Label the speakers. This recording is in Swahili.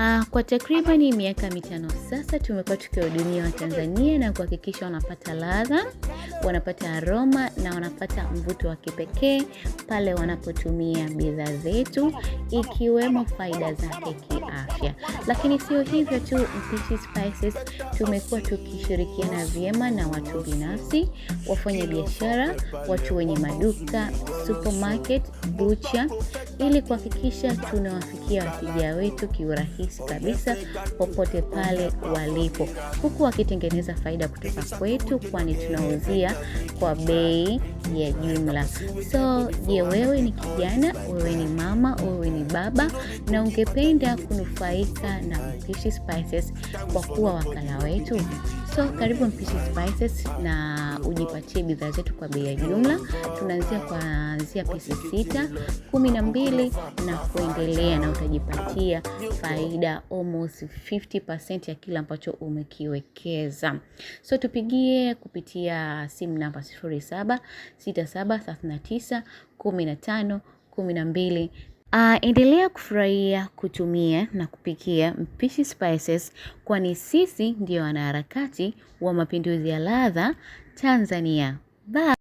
Speaker 1: Uh, kwa takribani miaka mitano sasa tumekuwa tukiwahudumia Watanzania na kuhakikisha wanapata ladha, wanapata aroma na wanapata mvuto wa kipekee pale wanapotumia bidhaa zetu ikiwemo faida zake kiafya. Lakini sio hivyo tu, Mpishi Spices tumekuwa tukishirikiana vyema na watu binafsi, wafanya biashara, watu wenye maduka supermarket, bucha ili kuhakikisha tunawafikia wateja wetu kiurahisi kabisa popote pale walipo, huku wakitengeneza faida kutoka kwetu, kwani tunauzia kwa bei ya jumla. So je, wewe ni kijana, wewe ni mama, wewe ni baba na ungependa kunufaika na Mpishi Spices kwa kuwa wakala wetu? So karibu Mpishi Spices na ujipatie bidhaa zetu kwa bei ya jumla. Tunaanzia kuanzia pisi sita, kumi na mbili na kuendelea, na utajipatia faida almost 50% ya kile ambacho umekiwekeza. So tupigie kupitia simu namba 07673915 kumi na tano kumi na mbili Uh, endelea kufurahia kutumia na kupikia Mpishi Spices kwani sisi ndio wanaharakati wa mapinduzi ya ladha Tanzania. Bye.